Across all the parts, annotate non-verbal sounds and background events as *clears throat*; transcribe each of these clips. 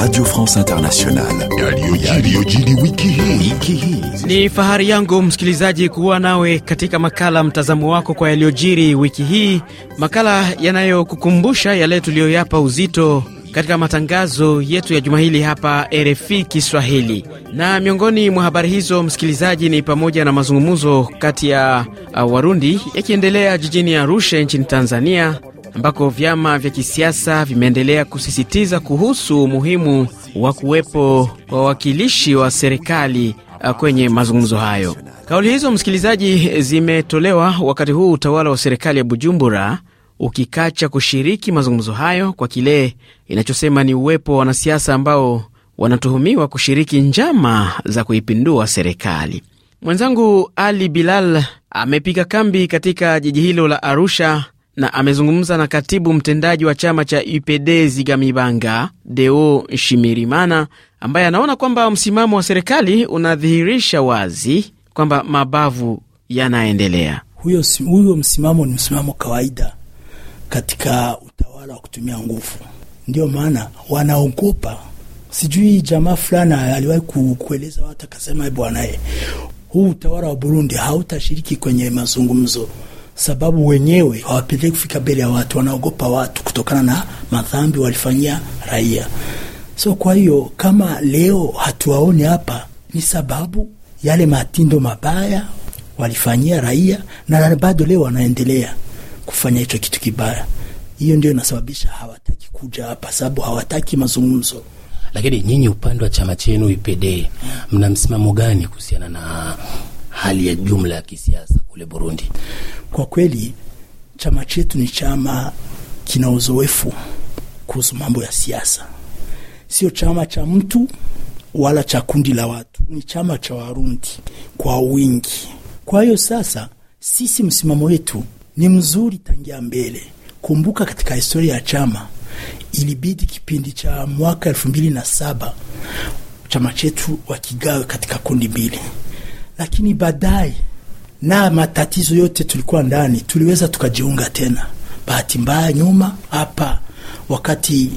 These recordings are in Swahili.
Radio France Internationale. wiki Ni fahari yangu msikilizaji kuwa nawe katika makala mtazamo wako kwa yaliyojiri wiki hii, makala yanayokukumbusha yale tuliyoyapa uzito katika matangazo yetu ya juma hili hapa RFI Kiswahili. Na miongoni mwa habari hizo, msikilizaji, ni pamoja na mazungumzo kati ya uh, Warundi yakiendelea jijini Arusha nchini Tanzania ambako vyama vya kisiasa vimeendelea kusisitiza kuhusu umuhimu wa kuwepo wawakilishi wa serikali uh, kwenye mazungumzo hayo. Kauli hizo, msikilizaji, zimetolewa wakati huu utawala wa serikali ya Bujumbura ukikacha kushiriki mazungumzo hayo kwa kile inachosema ni uwepo wa wanasiasa ambao wanatuhumiwa kushiriki njama za kuipindua serikali. Mwenzangu Ali Bilal amepiga kambi katika jiji hilo la Arusha na amezungumza na katibu mtendaji wa chama cha UPD Zigamibanga Deo Shimirimana, ambaye anaona kwamba msimamo wa serikali unadhihirisha wazi kwamba mabavu yanaendelea. Huyo, huyo msimamo ni msimamo kawaida katika utawala wa kutumia nguvu, ndiyo maana wanaogopa. Sijui jamaa fulani aliwahi kueleza watu akasema, bwana, huu utawala wa Burundi hautashiriki kwenye mazungumzo sababu wenyewe hawapendelei kufika mbele ya watu, wanaogopa watu kutokana na madhambi walifanyia raia. So kwa hiyo kama leo hatuwaone hapa, ni sababu yale matindo mabaya walifanyia raia, na bado leo wanaendelea kufanya hicho kitu kibaya. Hiyo ndio inasababisha hawataki kuja hapa, sababu hawataki mazungumzo. Lakini nyinyi upande wa chama chenu IPD, mna msimamo gani kuhusiana na hali ya jumla ya kisiasa kule Burundi. Kwa kweli chama chetu ni chama kina uzoefu kuhusu mambo ya siasa, sio chama cha mtu wala cha kundi la watu, ni chama cha Warundi kwa wingi. Kwa hiyo sasa, sisi msimamo wetu ni mzuri tangia mbele. Kumbuka katika historia ya chama ilibidi kipindi cha mwaka elfu mbili na saba chama chetu wakigawe katika kundi mbili lakini baadaye na matatizo yote tulikuwa ndani, tuliweza tukajiunga tena. Bahati mbaya nyuma hapa, wakati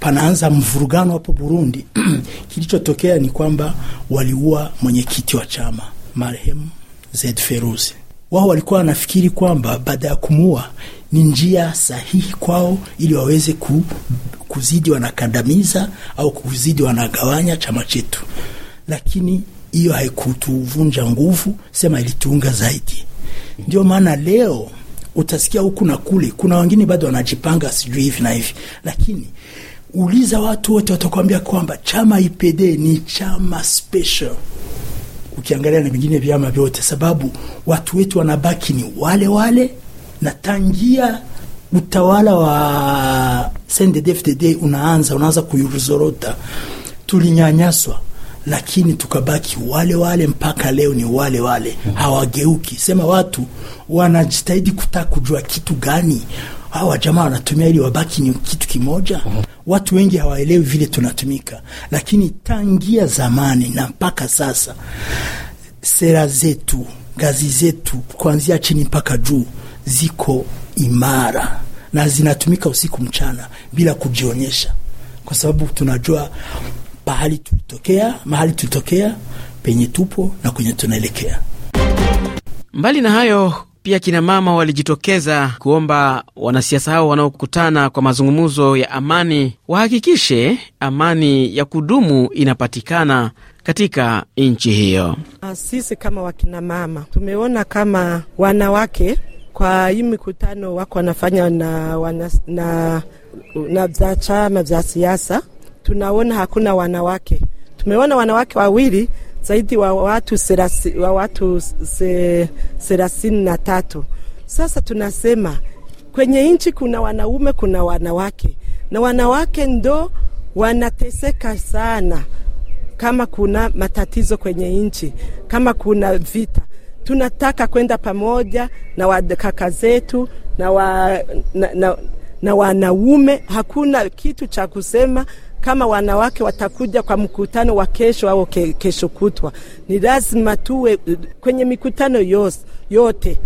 panaanza mvurugano hapo Burundi *clears throat* kilichotokea ni kwamba waliua mwenyekiti wa chama marehemu Zed Feruzi. Wao walikuwa wanafikiri kwamba baada ya kumua ni njia sahihi kwao ili waweze ku, kuzidi wanakandamiza au kuzidi wanagawanya chama chetu, lakini hiyo haikutuvunja nguvu, sema ilituunga zaidi. Ndio maana leo utasikia huku na kule, kuna wengine bado wanajipanga sijui hivi na hivi, lakini uliza watu wote watakwambia kwamba chama IPD ni chama special ukiangalia na vingine vyama vyote, sababu watu wetu wanabaki ni wale wale, na tangia utawala wa CNDD-FDD unaanza unaanza kuizorota, tulinyanyaswa lakini tukabaki wale wale mpaka leo, ni wale wale hawageuki. Sema watu wanajitahidi kutaka kujua kitu gani hawa jamaa wanatumia ili wabaki ni kitu kimoja. Watu wengi hawaelewi vile tunatumika, lakini tangia zamani na mpaka sasa sera zetu, gazi zetu, kuanzia chini mpaka juu ziko imara na zinatumika usiku mchana bila kujionyesha, kwa sababu tunajua pahali tulitokea, mahali tulitokea, penye tupo na kwenye tunaelekea. Mbali na hayo pia kina mama walijitokeza kuomba wanasiasa hao wanaokutana kwa mazungumzo ya amani wahakikishe amani ya kudumu inapatikana katika nchi hiyo. Ah, sisi kama wakinamama tumeona kama wanawake kwa hii mikutano wako wanafanya na, na, na, na vya chama vya siasa tunaona hakuna wanawake. Tumeona wanawake wawili zaidi wa watu serasi, wa watu thelathini na tatu. Sasa tunasema kwenye nchi kuna wanaume kuna wanawake, na wanawake ndo wanateseka sana kama kuna matatizo kwenye nchi, kama kuna vita. Tunataka kwenda pamoja na wakaka zetu na, wa, na, na, na wanaume. Hakuna kitu cha kusema kama wanawake watakuja kwa mkutano wa kesho au ke, kesho kutwa, ni lazima tuwe eh, kwenye mikutano yos, yote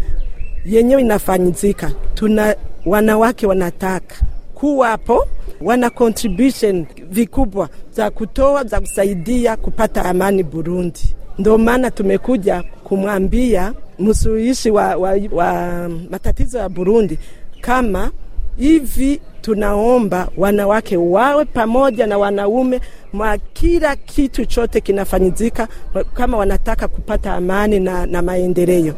yenyewe inafanyizika, tuna wanawake wanataka kuwapo wana contribution vikubwa za kutoa za kusaidia kupata amani Burundi. Ndio maana tumekuja kumwambia msuluhishi wa, wa, wa matatizo ya Burundi kama hivi tunaomba wanawake wawe pamoja na wanaume mwa kila kitu chote kinafanyizika, kama wanataka kupata amani na, na maendeleo.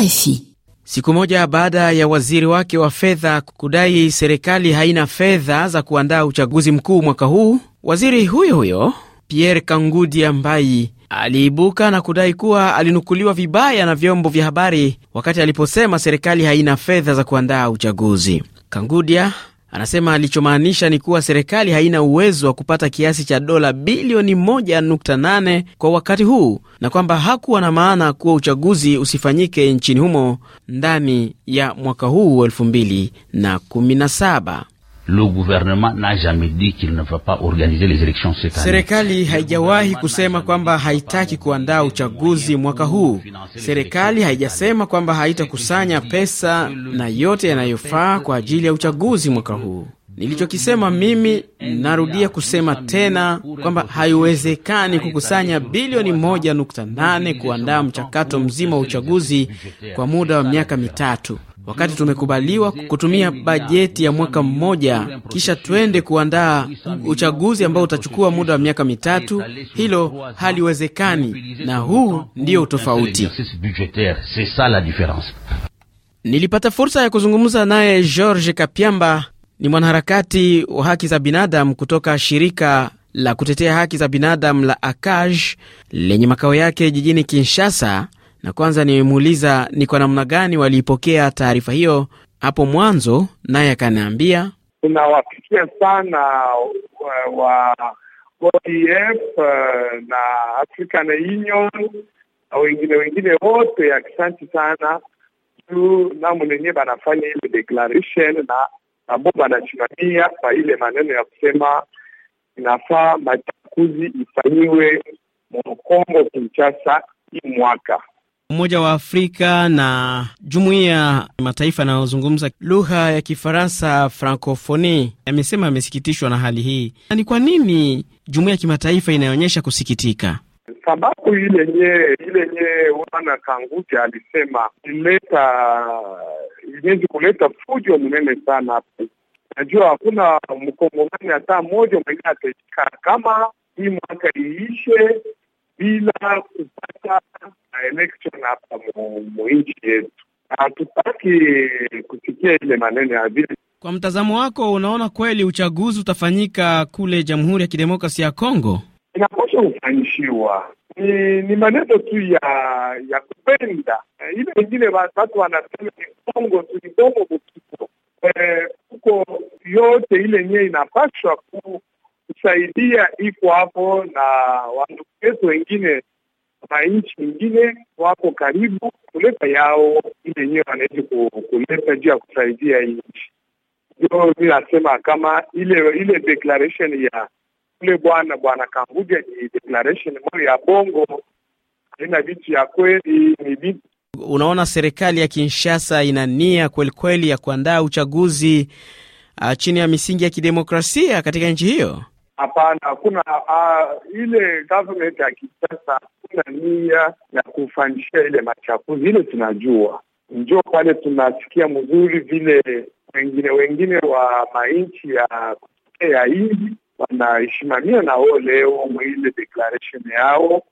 RFI. Siku moja baada ya waziri wake wa fedha kudai serikali haina fedha za kuandaa uchaguzi mkuu mwaka huu, waziri huyo huyo Pierre Kangudia Mbai aliibuka na kudai kuwa alinukuliwa vibaya na vyombo vya habari wakati aliposema serikali haina fedha za kuandaa uchaguzi. Kangudia anasema alichomaanisha ni kuwa serikali haina uwezo wa kupata kiasi cha dola bilioni 1.8 kwa wakati huu na kwamba hakuwa na maana kuwa uchaguzi usifanyike nchini humo ndani ya mwaka huu 2017. Le gouvernement n'a jamais dit qu'il ne va pas organiser les elections cette année. Serikali haijawahi kusema kwamba haitaki kuandaa uchaguzi mwaka huu. Serikali haijasema kwamba haitakusanya pesa na yote yanayofaa kwa ajili ya uchaguzi mwaka huu. Nilichokisema mimi, narudia kusema tena kwamba haiwezekani kukusanya bilioni moja nukta nane kuandaa mchakato mzima wa uchaguzi kwa muda wa miaka mitatu wakati tumekubaliwa kutumia bajeti ya mwaka mmoja, kisha twende kuandaa uchaguzi ambao utachukua muda wa miaka mitatu. Hilo haliwezekani, na huu ndio utofauti. Nilipata fursa ya kuzungumza naye George kapyamba ni mwanaharakati wa haki za binadamu kutoka shirika la kutetea haki za binadamu la akaj lenye makao yake jijini Kinshasa na kwanza nimemuuliza ni kwa namna gani waliipokea taarifa hiyo hapo mwanzo, naye akaniambia tunawafikia sana wa ODF eh, na African Union na wengine wengine wote, akisanti sana juu namu nenye banafanya ile declaration na nabo banasimamia kwa ile maneno ya kusema inafaa machakuzi ifanyiwe Mkongo Kinshasa hii mwaka Umoja wa Afrika na jumuiya mataifa yanayozungumza lugha ya Kifaransa, Francofoni, amesema amesikitishwa na hali hii. Na ni kwa nini jumuiya ya kimataifa inaonyesha kusikitika? Sababu ile ana ile wana alisema ileta inyezi kuleta fujo mnene sana Najua hakuna mkongomani hata mmoja mwenyewe ataishika kama hii mwaka iishe bila connection hapa muinchi yetu. Hatutaki kusikia ile maneno ya vile. Kwa mtazamo wako, unaona kweli uchaguzi utafanyika kule Jamhuri ya Kidemokrasia ya Kongo? Inapaswa kufanyishiwa ni, ni maneno tu ya ya kupenda eh, ile wengine watu wanasema Kongo tulibomo bukiko eh, huko e, yote ile nyie inapaswa kusaidia iko hapo na wandugu wetu wengine nchi wengine wako karibu kuleta yao ili yenyewe wanaweza kuleta juu ya kusaidia nchi. Ndio mi nasema kama ile ile declaration ya ule bwana bwana Kambuja ni declaration moja ya bongo, haina vitu ya kweli, ni vitu Unaona, serikali ya Kinshasa ina nia kwelikweli ya kuandaa uchaguzi uh, chini ya misingi ya kidemokrasia katika nchi hiyo. Hapana, hakuna uh, ile government ya kisasa hakuna nia ya kufanyisha ile machafuzi ile. Tunajua njo pale tunasikia mzuri vile wengine wengine wa manchi ya ya hivi wanaishimamia nao leo mwile declaration yao,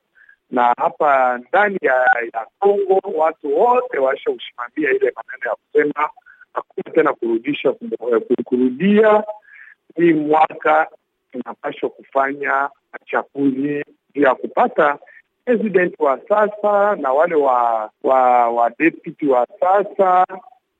na hapa ndani ya Kongo watu wote washakusimamia ile maneno ya kusema hakuna tena kurudisha eh, kurudia hii mwaka tunapashwa kufanya chakuzi juu ya kupata president wa sasa na wale wa wa, wa deputy wa sasa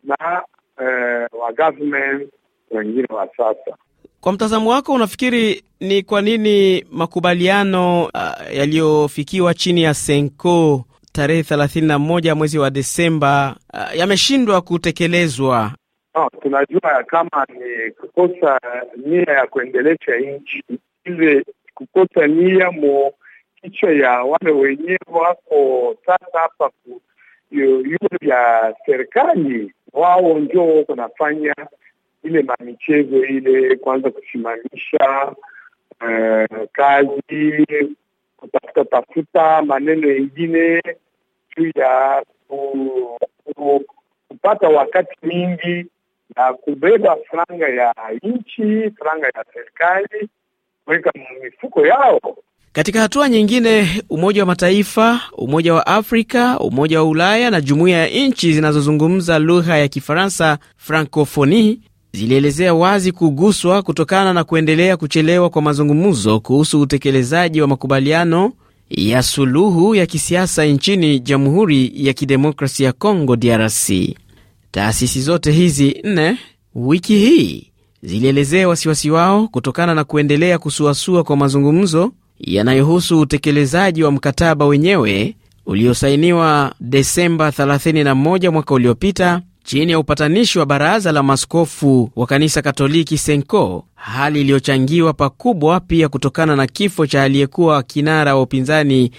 na eh, wa government wengine wa sasa. Kwa mtazamo wako, unafikiri ni kwa nini makubaliano uh, yaliyofikiwa chini ya Senko tarehe 31 mwezi wa Desemba uh, yameshindwa kutekelezwa No, ah, tunajua kama ni kukosa nia ya kuendelesha nchi, ile kukosa nia mo kichwa ya wale wenyewe wako sasa hapa yule ya serikali, wao ndio kunafanya ile mamichezo ile, kwanza kusimamisha uh, kazi, kutafuta tafuta maneno yengine juu ya kupata wakati mingi na kubeba franga ya nchi, franga ya serikali kuweka mifuko yao. Katika hatua nyingine, Umoja wa Mataifa, Umoja wa Afrika, Umoja wa Ulaya na jumuiya ya nchi zinazozungumza lugha ya Kifaransa, Francofoni, zilielezea wazi kuguswa kutokana na kuendelea kuchelewa kwa mazungumzo kuhusu utekelezaji wa makubaliano ya suluhu ya kisiasa nchini Jamhuri ya Kidemokrasia ya Kongo, DRC. Taasisi zote hizi nne wiki hii zilielezea wasiwasi wao kutokana na kuendelea kusuasua kwa mazungumzo yanayohusu utekelezaji wa mkataba wenyewe uliosainiwa Desemba 31 mwaka uliopita chini ya upatanishi wa baraza la maskofu wa kanisa Katoliki Senko, hali iliyochangiwa pakubwa pia kutokana na kifo cha aliyekuwa kinara wa upinzani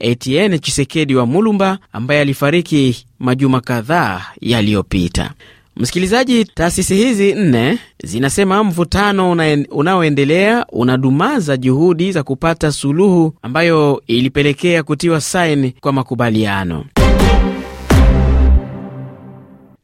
Etienne Chisekedi wa Mulumba ambaye alifariki majuma kadhaa yaliyopita. Msikilizaji, taasisi hizi nne zinasema mvutano unaoendelea unadumaza juhudi za kupata suluhu ambayo ilipelekea kutiwa saini kwa makubaliano.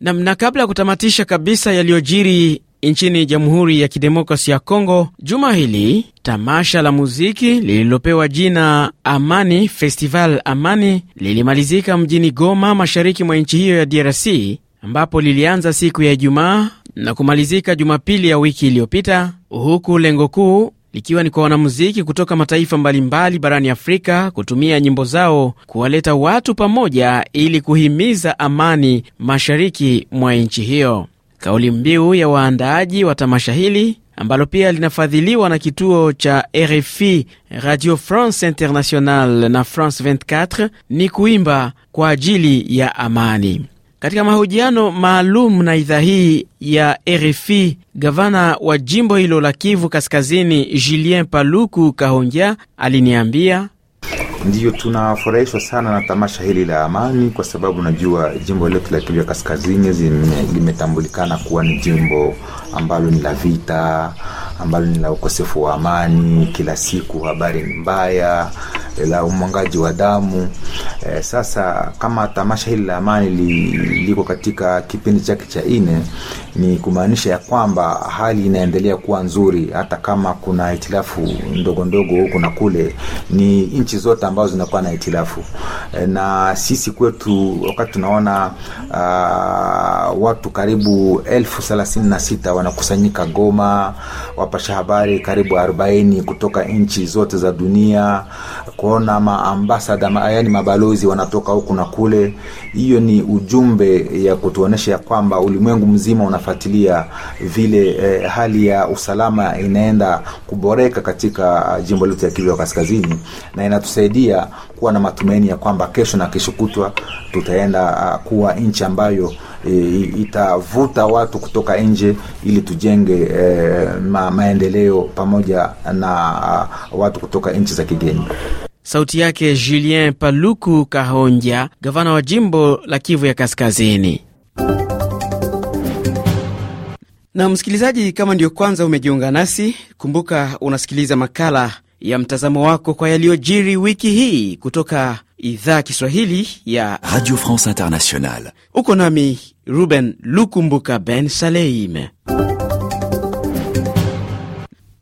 Na, na kabla ya kutamatisha kabisa yaliyojiri nchini Jamhuri ya Kidemokrasi ya Kongo. Juma hili tamasha la muziki lililopewa jina Amani Festival Amani lilimalizika mjini Goma, mashariki mwa nchi hiyo ya DRC, ambapo lilianza siku ya Ijumaa na kumalizika Jumapili ya wiki iliyopita, huku lengo kuu likiwa ni kwa wanamuziki kutoka mataifa mbalimbali barani Afrika kutumia nyimbo zao kuwaleta watu pamoja ili kuhimiza amani mashariki mwa nchi hiyo. Kauli mbiu ya waandaaji wa tamasha hili ambalo pia linafadhiliwa na kituo cha RFI Radio France International na France 24 ni kuimba kwa ajili ya amani. Katika mahojiano maalum na idhaa hii ya RFI, gavana wa jimbo hilo la Kivu Kaskazini, Julien Paluku Kahongya, aliniambia Ndiyo, tunafurahishwa sana na tamasha hili la amani, kwa sababu najua jimbo letu la kivya Kaskazini limetambulikana kuwa ni jimbo ambalo ni la vita, ambalo ni la ukosefu wa amani. Kila siku habari ni mbaya la umwangaji wa damu e, sasa kama tamasha hili la amani li, liko katika kipindi chake cha ine ni kumaanisha ya kwamba hali inaendelea kuwa nzuri, hata kama kuna hitilafu ndogo ndogo huku na kule. Ni nchi zote ambazo zinakuwa na hitilafu e, na sisi kwetu wakati tunaona uh, watu karibu elfu thelathini na sita wanakusanyika Goma, wapasha habari karibu 40 kutoka nchi zote za dunia kuona maambasada ma, yani mabalozi wanatoka huku na kule. Hiyo ni ujumbe ya kutuonesha ya kwamba ulimwengu mzima unafuatilia vile eh, hali ya usalama inaenda kuboreka katika ah, jimbo letu ya Kivu ya Kaskazini, na inatusaidia kuwa na matumaini ya kwamba kesho na kesho kutwa tutaenda uh, kuwa nchi ambayo eh, itavuta watu kutoka nje ili tujenge eh, ma, maendeleo pamoja na uh, watu kutoka nchi za kigeni. Sauti yake Julien Paluku Kahonja, gavana wa jimbo la Kivu ya Kaskazini. Na msikilizaji, kama ndiyo kwanza umejiunga nasi, kumbuka unasikiliza makala ya mtazamo wako kwa yaliyojiri wiki hii kutoka idhaa Kiswahili ya Radio France Internationale. Uko nami Ruben Lukumbuka Ben Saleim.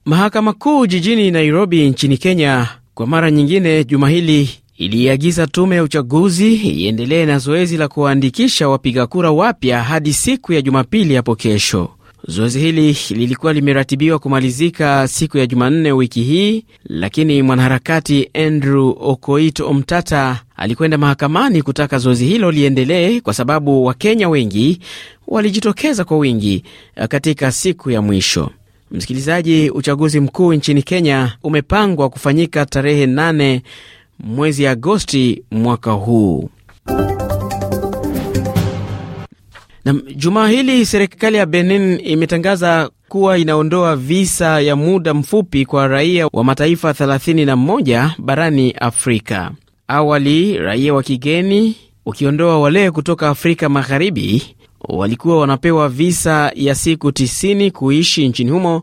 Mahakama Kuu jijini Nairobi nchini Kenya kwa mara nyingine juma hili iliagiza tume ya uchaguzi iendelee na zoezi la kuwaandikisha wapiga kura wapya hadi siku ya Jumapili hapo kesho. Zoezi hili lilikuwa limeratibiwa kumalizika siku ya Jumanne wiki hii, lakini mwanaharakati Andrew Okoit Omtata alikwenda mahakamani kutaka zoezi hilo liendelee kwa sababu Wakenya wengi walijitokeza kwa wingi katika siku ya mwisho. Msikilizaji, uchaguzi mkuu nchini Kenya umepangwa kufanyika tarehe 8 mwezi Agosti mwaka huu. Na jumaa hili serikali ya Benin imetangaza kuwa inaondoa visa ya muda mfupi kwa raia wa mataifa 31 barani Afrika. Awali raia wa kigeni ukiondoa wale kutoka Afrika Magharibi walikuwa wanapewa visa ya siku 90 kuishi nchini humo,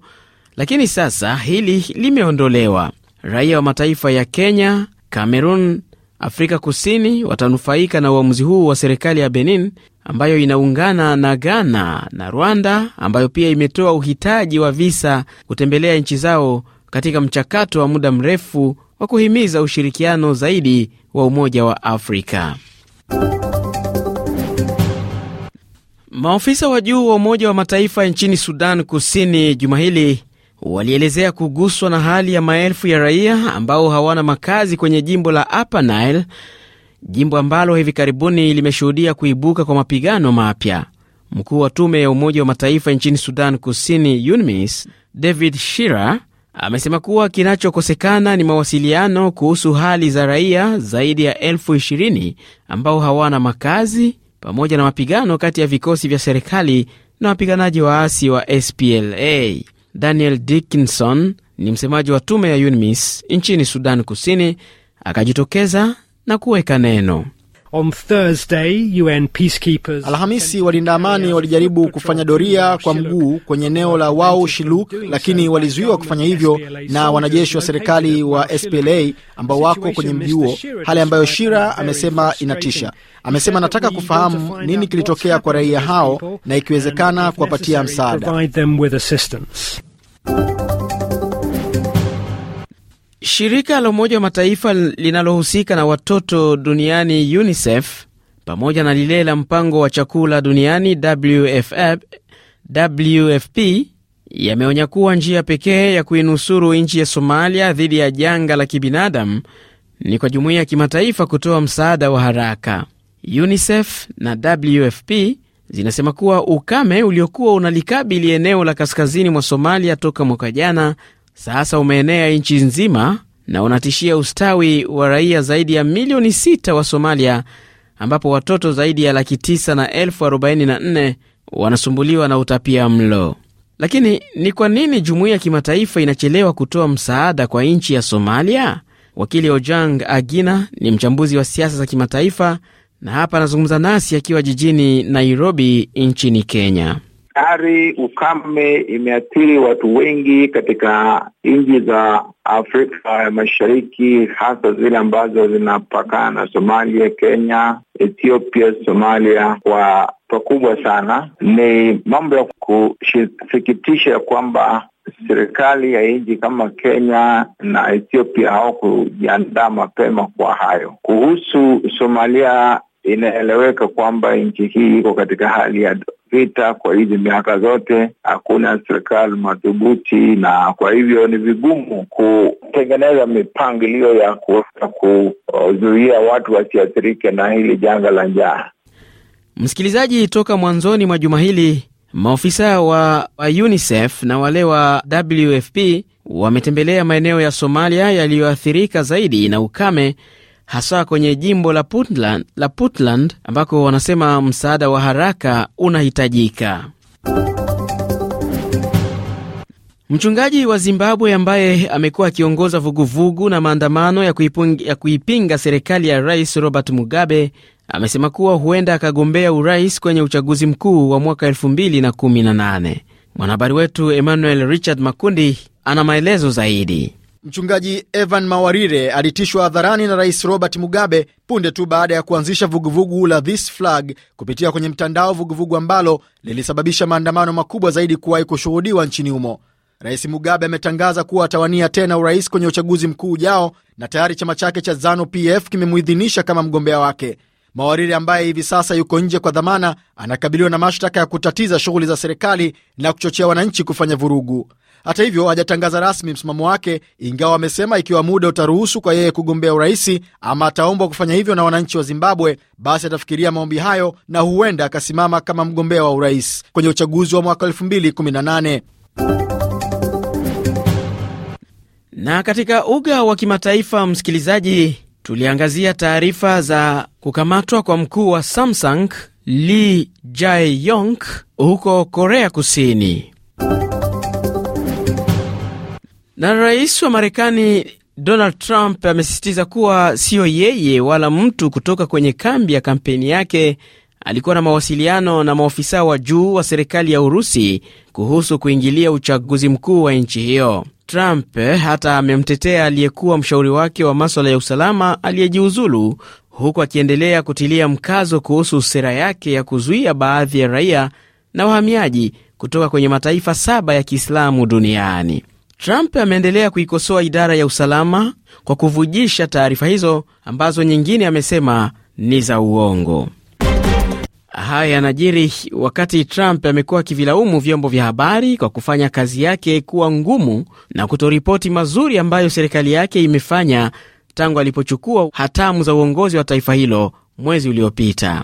lakini sasa hili limeondolewa. Raia wa mataifa ya Kenya, cameron Afrika Kusini watanufaika na uamuzi huu wa serikali ya Benin ambayo inaungana na Ghana na Rwanda ambayo pia imetoa uhitaji wa visa kutembelea nchi zao katika mchakato wa muda mrefu wa kuhimiza ushirikiano zaidi wa Umoja wa Afrika. Maofisa wa juu wa Umoja wa Mataifa nchini Sudan Kusini juma hili walielezea kuguswa na hali ya maelfu ya raia ambao hawana makazi kwenye jimbo la Upper Nile, jimbo ambalo hivi karibuni limeshuhudia kuibuka kwa mapigano mapya. Mkuu wa tume ya Umoja wa Mataifa nchini Sudan Kusini, UNMISS, David Shira amesema kuwa kinachokosekana ni mawasiliano kuhusu hali za raia zaidi ya elfu ambao hawana makazi pamoja na mapigano kati ya vikosi vya serikali na wapiganaji waasi wa SPLA. Daniel Dickinson ni msemaji wa tume ya UNMISS nchini Sudan Kusini, akajitokeza na kuweka neno. On Thursday, UN peacekeepers... Alhamisi walinda amani walijaribu kufanya doria kwa mguu kwenye eneo la Wau Shiluk, lakini walizuiwa kufanya hivyo na wanajeshi wa serikali wa SPLA ambao wako kwenye mji huo, hali ambayo Shira amesema inatisha. Amesema anataka kufahamu nini kilitokea kwa raia hao na ikiwezekana kuwapatia msaada. Shirika la Umoja wa Mataifa linalohusika na watoto duniani UNICEF pamoja na lile la mpango wa chakula duniani WFF, WFP yameonya kuwa njia pekee ya kuinusuru nchi ya Somalia dhidi ya janga la kibinadamu ni kwa jumuiya ya kimataifa kutoa msaada wa haraka. UNICEF na WFP zinasema kuwa ukame uliokuwa unalikabili eneo la kaskazini mwa Somalia toka mwaka jana sasa umeenea nchi nzima na unatishia ustawi wa raia zaidi ya milioni sita wa Somalia, ambapo watoto zaidi ya laki 9 na elfu wanasumbuliwa na utapia mlo. Lakini ni kwa nini jumuiya ya kimataifa inachelewa kutoa msaada kwa nchi ya Somalia? Wakili Ojang Agina ni mchambuzi wa siasa za kimataifa na hapa anazungumza nasi akiwa jijini Nairobi nchini Kenya tayari ukame imeathiri watu wengi katika nchi za Afrika ya Mashariki, hasa zile ambazo zinapakana na Somalia, Kenya, Ethiopia, Somalia kwa pakubwa sana. Ni mambo ya kusikitisha kwamba serikali ya nchi kama Kenya na Ethiopia hawakujiandaa mapema kwa hayo. Kuhusu Somalia, inaeleweka kwamba nchi hii iko katika hali ya vita kwa hizi miaka zote, hakuna serikali madhubuti, na kwa hivyo ni vigumu kutengeneza mipangilio ya kuweza kuzuia watu wasiathirike na hili janga la njaa. Msikilizaji, toka mwanzoni mwa juma hili maofisa wa, wa UNICEF na wale wa WFP wametembelea maeneo ya Somalia yaliyoathirika zaidi na ukame hasa kwenye jimbo la Puntland, la Puntland ambako wanasema msaada wa haraka unahitajika. Mchungaji wa Zimbabwe ambaye amekuwa akiongoza vuguvugu na maandamano ya, ya kuipinga serikali ya Rais Robert Mugabe amesema kuwa huenda akagombea urais kwenye uchaguzi mkuu wa mwaka 2018. Mwanahabari wetu Emmanuel Richard Makundi ana maelezo zaidi. Mchungaji Evan Mawarire alitishwa hadharani na Rais Robert Mugabe punde tu baada ya kuanzisha vuguvugu la This Flag kupitia kwenye mtandao, vuguvugu ambalo lilisababisha maandamano makubwa zaidi kuwahi kushuhudiwa nchini humo. Rais Mugabe ametangaza kuwa atawania tena urais kwenye uchaguzi mkuu ujao na tayari chama chake cha Zanu PF kimemuidhinisha kama mgombea wake. Mawarire ambaye hivi sasa yuko nje kwa dhamana anakabiliwa na mashtaka ya kutatiza shughuli za serikali na kuchochea wananchi kufanya vurugu. Hata hivyo, hajatangaza rasmi msimamo wake, ingawa amesema ikiwa muda utaruhusu kwa yeye kugombea urais ama ataombwa kufanya hivyo na wananchi wa Zimbabwe, basi atafikiria maombi hayo na huenda akasimama kama mgombea wa urais kwenye uchaguzi wa mwaka 2018. Na katika uga wa kimataifa, msikilizaji, tuliangazia taarifa za kukamatwa kwa mkuu wa Samsung Lee Jae-yong huko Korea Kusini. Na rais wa Marekani Donald Trump amesisitiza kuwa siyo yeye wala mtu kutoka kwenye kambi ya kampeni yake alikuwa na mawasiliano na maofisa wa juu wa serikali ya Urusi kuhusu kuingilia uchaguzi mkuu wa nchi hiyo. Trump eh, hata amemtetea aliyekuwa mshauri wake wa maswala ya usalama aliyejiuzulu, huku akiendelea kutilia mkazo kuhusu sera yake ya kuzuia baadhi ya raia na wahamiaji kutoka kwenye mataifa saba ya Kiislamu duniani. Trump ameendelea kuikosoa idara ya usalama kwa kuvujisha taarifa hizo ambazo nyingine amesema ni za uongo. Haya yanajiri wakati Trump amekuwa akivilaumu vyombo vya habari kwa kufanya kazi yake kuwa ngumu na kutoripoti mazuri ambayo serikali yake imefanya tangu alipochukua hatamu za uongozi wa taifa hilo mwezi uliopita.